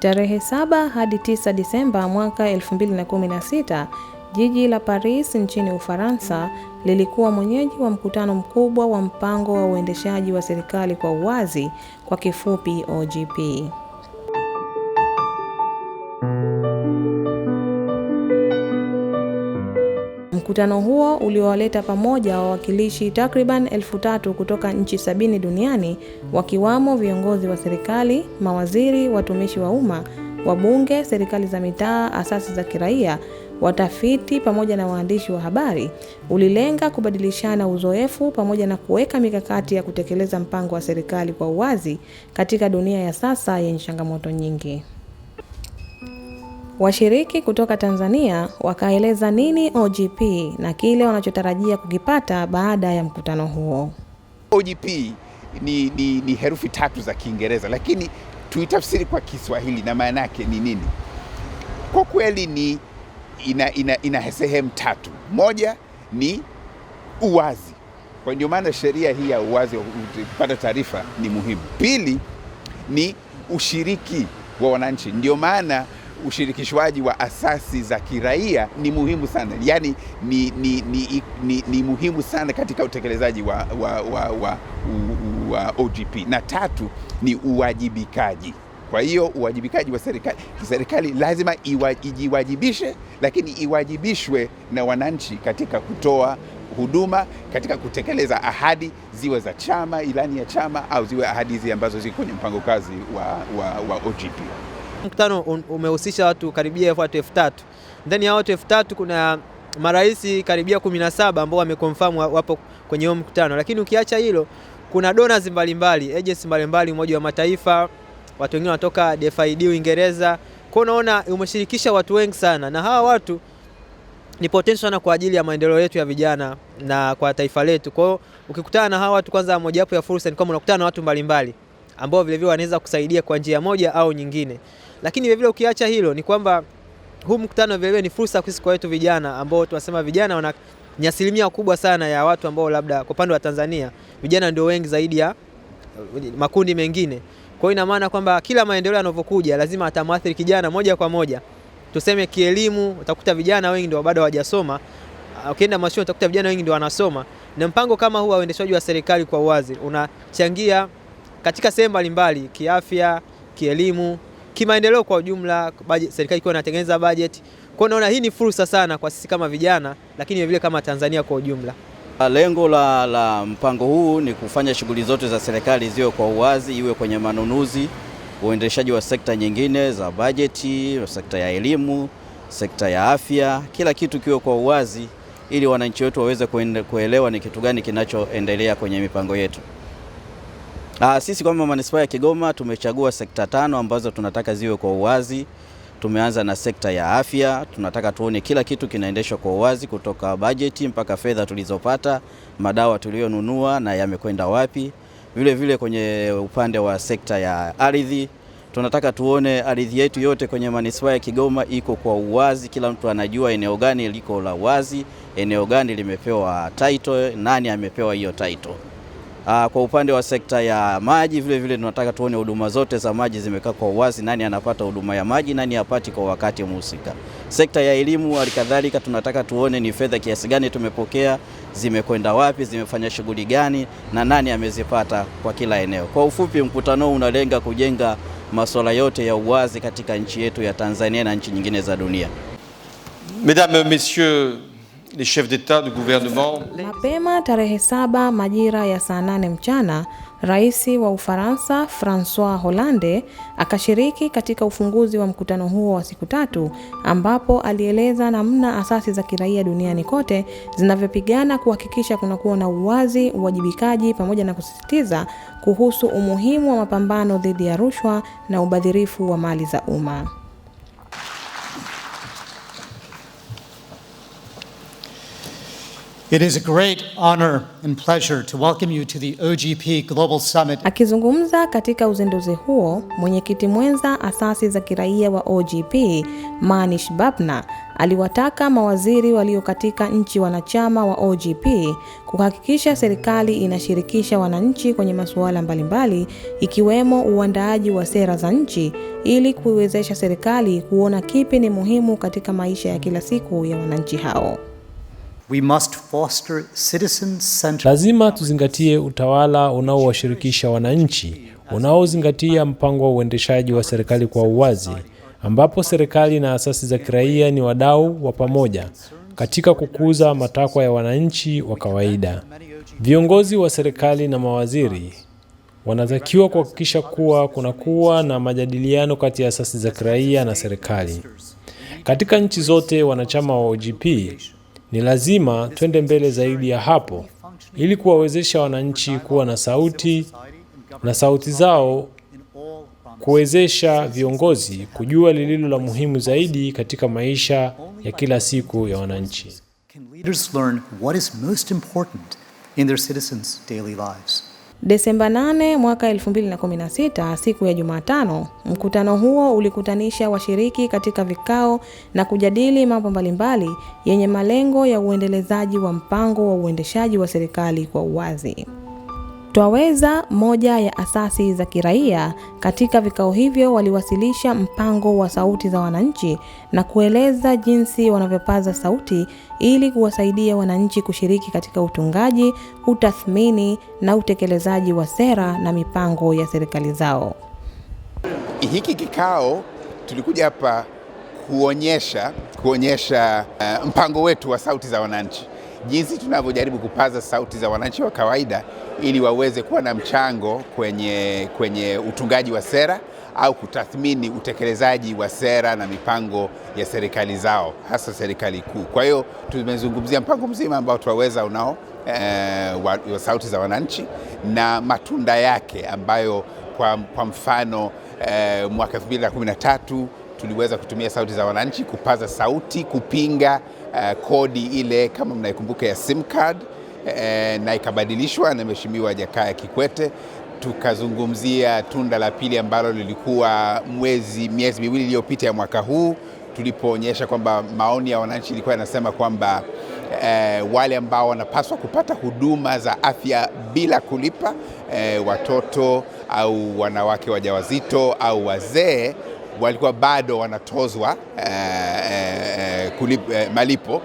Tarehe 7 hadi 9 Disemba mwaka 2016, jiji la Paris nchini Ufaransa lilikuwa mwenyeji wa mkutano mkubwa wa mpango wa uendeshaji wa serikali kwa uwazi kwa kifupi OGP. Mkutano huo uliowaleta pamoja wawakilishi takriban elfu tatu kutoka nchi sabini duniani wakiwamo viongozi wa serikali, mawaziri, watumishi wa umma, wabunge, serikali za mitaa, asasi za kiraia, watafiti pamoja na waandishi wa habari, ulilenga kubadilishana uzoefu pamoja na kuweka mikakati ya kutekeleza mpango wa serikali kwa uwazi katika dunia ya sasa yenye changamoto nyingi. Washiriki kutoka Tanzania wakaeleza nini OGP na kile wanachotarajia kukipata baada ya mkutano huo. OGP ni, ni, ni herufi tatu za Kiingereza lakini tuitafsiri kwa Kiswahili na maana yake ni nini? Kwa kweli ni ina, ina, ina sehemu tatu. Moja ni uwazi, kwa ndio maana sheria hii ya uwazi wa kupata taarifa ni muhimu. Pili ni ushiriki wa wananchi, ndio maana ushirikishwaji wa asasi za kiraia ni muhimu sana, yaani ni, ni, ni, ni, ni muhimu sana katika utekelezaji wa, wa, wa, wa, wa OGP. Na tatu ni uwajibikaji. Kwa hiyo uwajibikaji wa serikali, serikali lazima ijiwajibishe, lakini iwajibishwe na wananchi katika kutoa huduma katika kutekeleza ahadi, ziwe za chama, ilani ya chama, au ziwe ahadi hizi ambazo ziko kwenye mpango kazi wa, wa, wa OGP. Mkutano umehusisha watu karibia watu elfu tatu. Ndani ya watu elfu tatu kuna marais karibia 17 ambao wameconfirm wapo kwenye huo mkutano, lakini ukiacha hilo kuna donors mbalimbali, agents mbalimbali, Umoja wa Mataifa, watu wengine wanatoka DFID Uingereza. Kwa unaona umeshirikisha watu wengi sana, na hawa watu ni potential sana kwa ajili ya maendeleo yetu ya vijana na kwa taifa letu. Kwa hiyo ukikutana na hawa watu, kwanza mojawapo ya fursa ni kwamba unakutana na watu mbalimbali ambao vilevile wanaweza kusaidia kwa njia moja au nyingine. Lakini vilevile ukiacha hilo ni kwamba huu mkutano vilevile ni fursa sisi kwa wetu vijana ambao tunasema vijana wana ni asilimia kubwa sana ya watu ambao labda kwa upande wa Tanzania vijana ndio wengi zaidi ya makundi mengine. Kwa hiyo ina maana kwamba kila maendeleo yanavyokuja lazima atamwathiri kijana moja kwa moja. Tuseme kielimu, utakuta vijana wengi ndio bado hawajasoma. Ukienda mashule utakuta vijana wengi ndio wanasoma, na mpango kama huu wa uendeshaji wa serikali kwa uwazi unachangia katika sehemu mbalimbali, kiafya, kielimu kimaendeleo kwa ujumla, serikali ikiwa inatengeneza bajeti. Kwa hiyo naona hii ni fursa sana kwa sisi kama vijana, lakini vile kama Tanzania kwa ujumla. Lengo la, la mpango huu ni kufanya shughuli zote za serikali ziwe kwa uwazi, iwe kwenye manunuzi, uendeshaji wa sekta nyingine za bajeti, sekta ya elimu, sekta ya afya, kila kitu kiwe kwa uwazi ili wananchi wetu waweze kuelewa ni kitu gani kinachoendelea kwenye mipango yetu. Aa, ah, sisi kama manispaa ya Kigoma tumechagua sekta tano ambazo tunataka ziwe kwa uwazi. Tumeanza na sekta ya afya, tunataka tuone kila kitu kinaendeshwa kwa uwazi kutoka bajeti mpaka fedha tulizopata, madawa tuliyonunua na yamekwenda wapi. Vile vile kwenye upande wa sekta ya ardhi tunataka tuone ardhi yetu yote kwenye manispaa ya Kigoma iko kwa uwazi, kila mtu anajua eneo gani liko la wazi, eneo gani limepewa title, nani amepewa hiyo title. Aa, ah, kwa upande wa sekta ya maji vile vile tunataka tuone huduma zote za maji zimekaa kwa uwazi, nani anapata huduma ya maji, nani hapati kwa wakati mhusika. Sekta ya elimu halikadhalika, tunataka tuone ni fedha kiasi gani tumepokea, zimekwenda wapi, zimefanya shughuli gani na nani amezipata kwa kila eneo. Kwa ufupi, mkutano huu unalenga kujenga masuala yote ya uwazi katika nchi yetu ya Tanzania na nchi nyingine za dunia. Mesdames, messieurs les chefs d'état de gouvernement. Mapema tarehe saba majira ya saa nane mchana Rais wa Ufaransa Francois Hollande akashiriki katika ufunguzi wa mkutano huo wa siku tatu ambapo alieleza namna asasi za kiraia duniani kote zinavyopigana kuhakikisha kunakuwa na uwazi, uwajibikaji pamoja na kusisitiza kuhusu umuhimu wa mapambano dhidi ya rushwa na ubadhirifu wa mali za umma. It is a great honor and pleasure to welcome you to the OGP Global Summit. Akizungumza katika uzinduzi huo, mwenyekiti mwenza asasi za kiraia wa OGP, Manish Babna, aliwataka mawaziri walio katika nchi wanachama wa OGP kuhakikisha serikali inashirikisha wananchi kwenye masuala mbalimbali ikiwemo uandaaji wa sera za nchi ili kuiwezesha serikali kuona kipi ni muhimu katika maisha ya kila siku ya wananchi hao. We must foster citizen centered... Lazima tuzingatie utawala unaowashirikisha wananchi, unaozingatia mpango wa uendeshaji wa serikali kwa uwazi, ambapo serikali na asasi za kiraia ni wadau wa pamoja katika kukuza matakwa ya wananchi wa kawaida. Viongozi wa serikali na mawaziri wanatakiwa kuhakikisha kuwa kunakuwa na majadiliano kati ya asasi za kiraia na serikali. Katika nchi zote wanachama wa OGP ni lazima twende mbele zaidi ya hapo ili kuwawezesha wananchi kuwa na sauti na sauti zao kuwezesha viongozi kujua lililo la muhimu zaidi katika maisha ya kila siku ya wananchi. Desemba 8 mwaka 2016, siku ya Jumatano, mkutano huo ulikutanisha washiriki katika vikao na kujadili mambo mbalimbali yenye malengo ya uendelezaji wa mpango wa uendeshaji wa serikali kwa uwazi. Twaweza, moja ya asasi za kiraia, katika vikao hivyo waliwasilisha mpango wa sauti za wananchi na kueleza jinsi wanavyopaza sauti ili kuwasaidia wananchi kushiriki katika utungaji, utathmini na utekelezaji wa sera na mipango ya serikali zao. Hiki kikao tulikuja hapa kuonyesha kuonyesha uh, mpango wetu wa sauti za wananchi jinsi tunavyojaribu kupaza sauti za wananchi wa kawaida ili waweze kuwa na mchango kwenye, kwenye utungaji wa sera au kutathmini utekelezaji wa sera na mipango ya serikali zao hasa serikali kuu. Kwa hiyo tumezungumzia mpango mzima ambao tuwaweza unao eh, wa, wa sauti za wananchi na matunda yake ambayo kwa, kwa mfano eh, mwaka 2013 tuliweza kutumia sauti za wananchi kupaza sauti kupinga Eh, kodi ile kama mnaikumbuka ya SIM card uh, na ikabadilishwa na Mheshimiwa Jakaya Kikwete tukazungumzia tunda la pili ambalo lilikuwa mwezi miezi miwili iliyopita ya mwaka huu tulipoonyesha kwamba maoni ya wananchi ilikuwa yanasema kwamba eh, wale ambao wanapaswa kupata huduma za afya bila kulipa eh, watoto au wanawake wajawazito au wazee walikuwa bado wanatozwa eh, eh, kulip, eh, malipo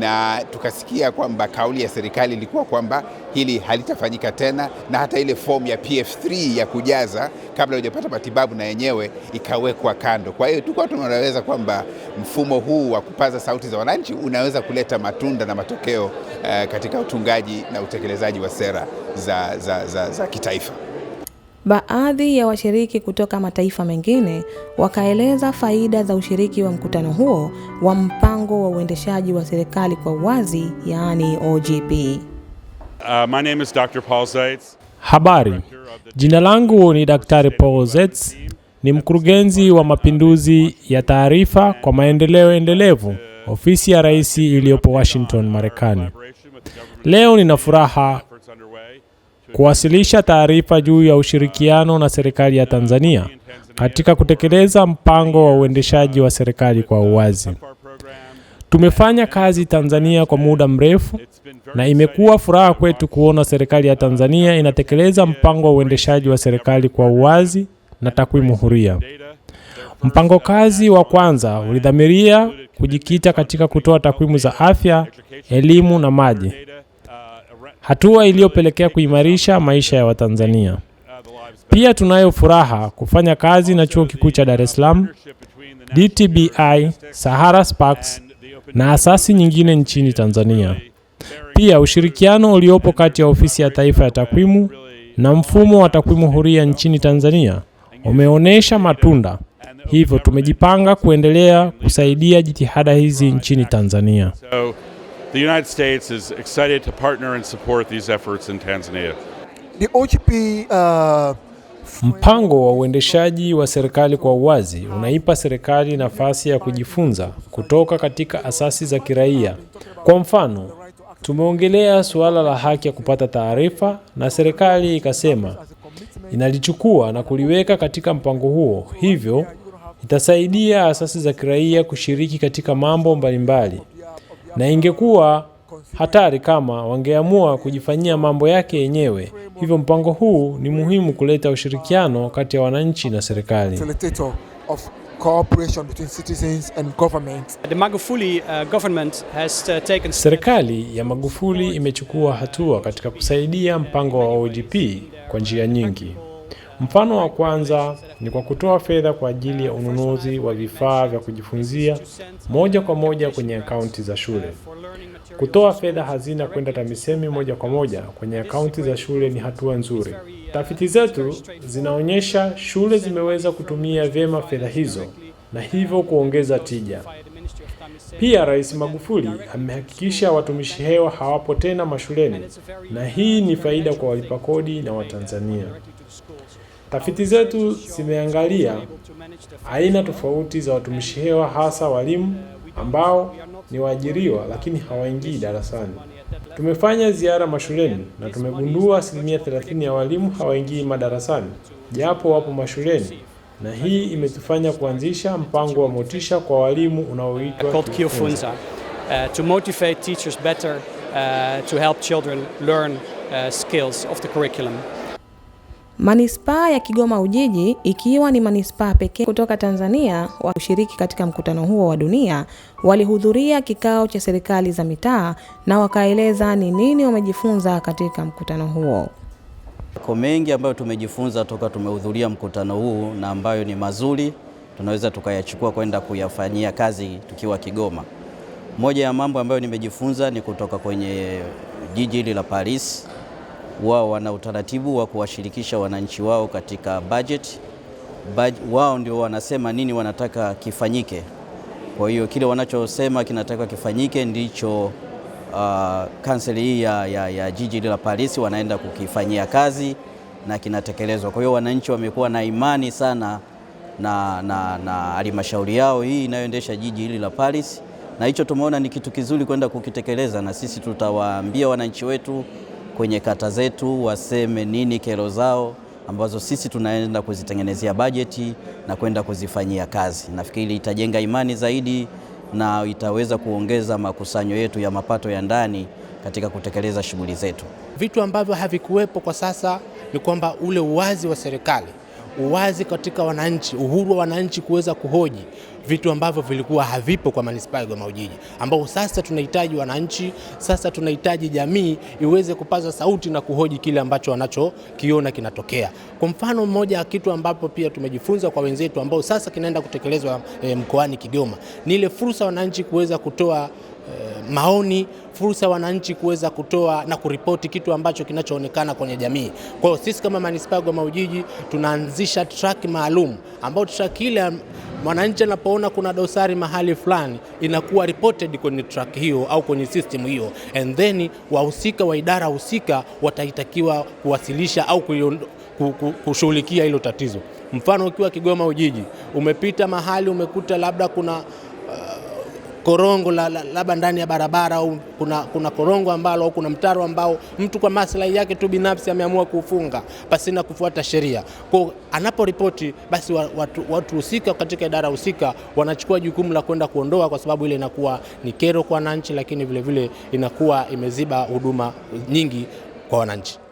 na tukasikia kwamba kauli ya serikali ilikuwa kwamba hili halitafanyika tena, na hata ile fomu ya PF3 ya kujaza kabla hujapata matibabu na yenyewe ikawekwa kando. Kwa hiyo tulikuwa tunaweza kwamba mfumo huu wa kupaza sauti za wananchi unaweza kuleta matunda na matokeo uh, katika utungaji na utekelezaji wa sera za, za, za, za kitaifa. Baadhi ya washiriki kutoka mataifa mengine wakaeleza faida za ushiriki wa mkutano huo wa mpango wa uendeshaji wa serikali kwa uwazi, yaani OGP. Uh, my name is Dr. Paul Zaitz. Habari, jina langu ni Daktari Paul Zaitz. ni mkurugenzi wa mapinduzi ya taarifa kwa maendeleo endelevu, ofisi ya rais iliyopo Washington, Marekani. Leo nina furaha kuwasilisha taarifa juu ya ushirikiano na serikali ya Tanzania katika kutekeleza mpango wa uendeshaji wa serikali kwa uwazi. Tumefanya kazi Tanzania kwa muda mrefu na imekuwa furaha kwetu kuona serikali ya Tanzania inatekeleza mpango wa uendeshaji wa serikali kwa uwazi na takwimu huria. Mpango kazi wa kwanza ulidhamiria kujikita katika kutoa takwimu za afya, elimu na maji hatua iliyopelekea kuimarisha maisha ya Watanzania. Pia tunayo furaha kufanya kazi na Chuo Kikuu cha Dar es Salaam, DTBI, Sahara Sparks na asasi nyingine nchini Tanzania. Pia ushirikiano uliopo kati ya Ofisi ya Taifa ya Takwimu na mfumo wa takwimu huria nchini Tanzania umeonyesha matunda. Hivyo tumejipanga kuendelea kusaidia jitihada hizi nchini Tanzania the United States is excited to partner and support these efforts in Tanzania. The OGP, uh... Mpango wa uendeshaji wa serikali kwa uwazi unaipa serikali nafasi ya kujifunza kutoka katika asasi za kiraia. Kwa mfano, tumeongelea suala la haki ya kupata taarifa na serikali ikasema inalichukua na kuliweka katika mpango huo, hivyo itasaidia asasi za kiraia kushiriki katika mambo mbalimbali mbali na ingekuwa hatari kama wangeamua kujifanyia mambo yake yenyewe. Hivyo mpango huu ni muhimu kuleta ushirikiano kati ya wananchi na serikali. Uh, uh, serikali ya Magufuli imechukua hatua katika kusaidia mpango wa ogp kwa njia nyingi. Mfano wa kwanza ni kwa kutoa fedha kwa ajili ya ununuzi wa vifaa vya kujifunzia moja kwa moja kwenye akaunti za shule. Kutoa fedha hazina kwenda TAMISEMI moja kwa moja kwenye akaunti za shule ni hatua nzuri. Tafiti zetu zinaonyesha shule zimeweza kutumia vyema fedha hizo na hivyo kuongeza tija. Pia Rais Magufuli amehakikisha watumishi hewa hawapo tena mashuleni na hii ni faida kwa walipa kodi na Watanzania. Tafiti zetu zimeangalia aina tofauti za watumishi hewa, hasa walimu ambao ni waajiriwa lakini hawaingii darasani. Tumefanya ziara mashuleni na tumegundua asilimia thelathini ya walimu hawaingii madarasani japo wapo mashuleni, na hii imetufanya kuanzisha mpango wa motisha kwa walimu unaoitwa Kiofunza, uh, to motivate teachers better uh, to help children learn uh, skills of the curriculum. Manispaa ya Kigoma Ujiji ikiwa ni manispaa pekee kutoka Tanzania kushiriki katika mkutano huo wa dunia walihudhuria kikao cha serikali za mitaa na wakaeleza ni nini wamejifunza katika mkutano huo. Kwa mengi ambayo tumejifunza toka tumehudhuria mkutano huu na ambayo ni mazuri tunaweza tukayachukua kwenda kuyafanyia kazi tukiwa Kigoma. Moja ya mambo ambayo nimejifunza ni kutoka kwenye jiji hili la Paris wao wana utaratibu wa kuwashirikisha wananchi wao katika Budget, Wao ndio wanasema nini wanataka kifanyike. Kwa hiyo kile wanachosema kinataka kifanyike ndicho uh, kanseli hii ya, ya, ya jiji la Paris wanaenda kukifanyia kazi na kinatekelezwa. Kwa hiyo wananchi wamekuwa na imani sana na, na, na halmashauri yao hii inayoendesha jiji hili la Paris, na hicho tumeona ni kitu kizuri kwenda kukitekeleza, na sisi tutawaambia wananchi wetu kwenye kata zetu, waseme nini kero zao ambazo sisi tunaenda kuzitengenezea bajeti na kwenda kuzifanyia kazi. Nafikiri itajenga imani zaidi na itaweza kuongeza makusanyo yetu ya mapato ya ndani katika kutekeleza shughuli zetu. Vitu ambavyo havikuwepo kwa sasa ni kwamba ule uwazi wa serikali, uwazi katika wananchi, uhuru wa wananchi kuweza kuhoji vitu ambavyo vilikuwa havipo kwa manispaa ya Igoma Ujiji, ambao sasa tunahitaji wananchi, sasa tunahitaji jamii iweze kupaza sauti na kuhoji kile ambacho wanachokiona kinatokea. Kwa mfano mmoja wa kitu ambapo pia tumejifunza kwa wenzetu ambao sasa kinaenda kutekelezwa e, mkoani Kigoma ni ile fursa wananchi kuweza kutoa eh, maoni fursa wananchi kuweza kutoa na kuripoti kitu ambacho kinachoonekana kwenye jamii. Kwa hiyo sisi kama manispaa ya Igoma Ujiji tunaanzisha track maalum ambao track ile Mwananchi anapoona kuna dosari mahali fulani inakuwa reported kwenye track hiyo au kwenye system hiyo, and then wahusika wa idara husika wataitakiwa kuwasilisha au kushughulikia hilo tatizo. Mfano, ukiwa Kigoma Ujiji, umepita mahali umekuta labda kuna korongo labda la, la ndani ya barabara au kuna, kuna korongo ambalo au kuna mtaro ambao mtu kwa maslahi yake tu binafsi ameamua kuufunga pasina kufuata sheria. Kwa anaporipoti basi watu, watu husika katika idara husika wanachukua jukumu la kwenda kuondoa, kwa sababu ile inakuwa ni kero kwa wananchi, lakini vilevile vile inakuwa imeziba huduma nyingi kwa wananchi.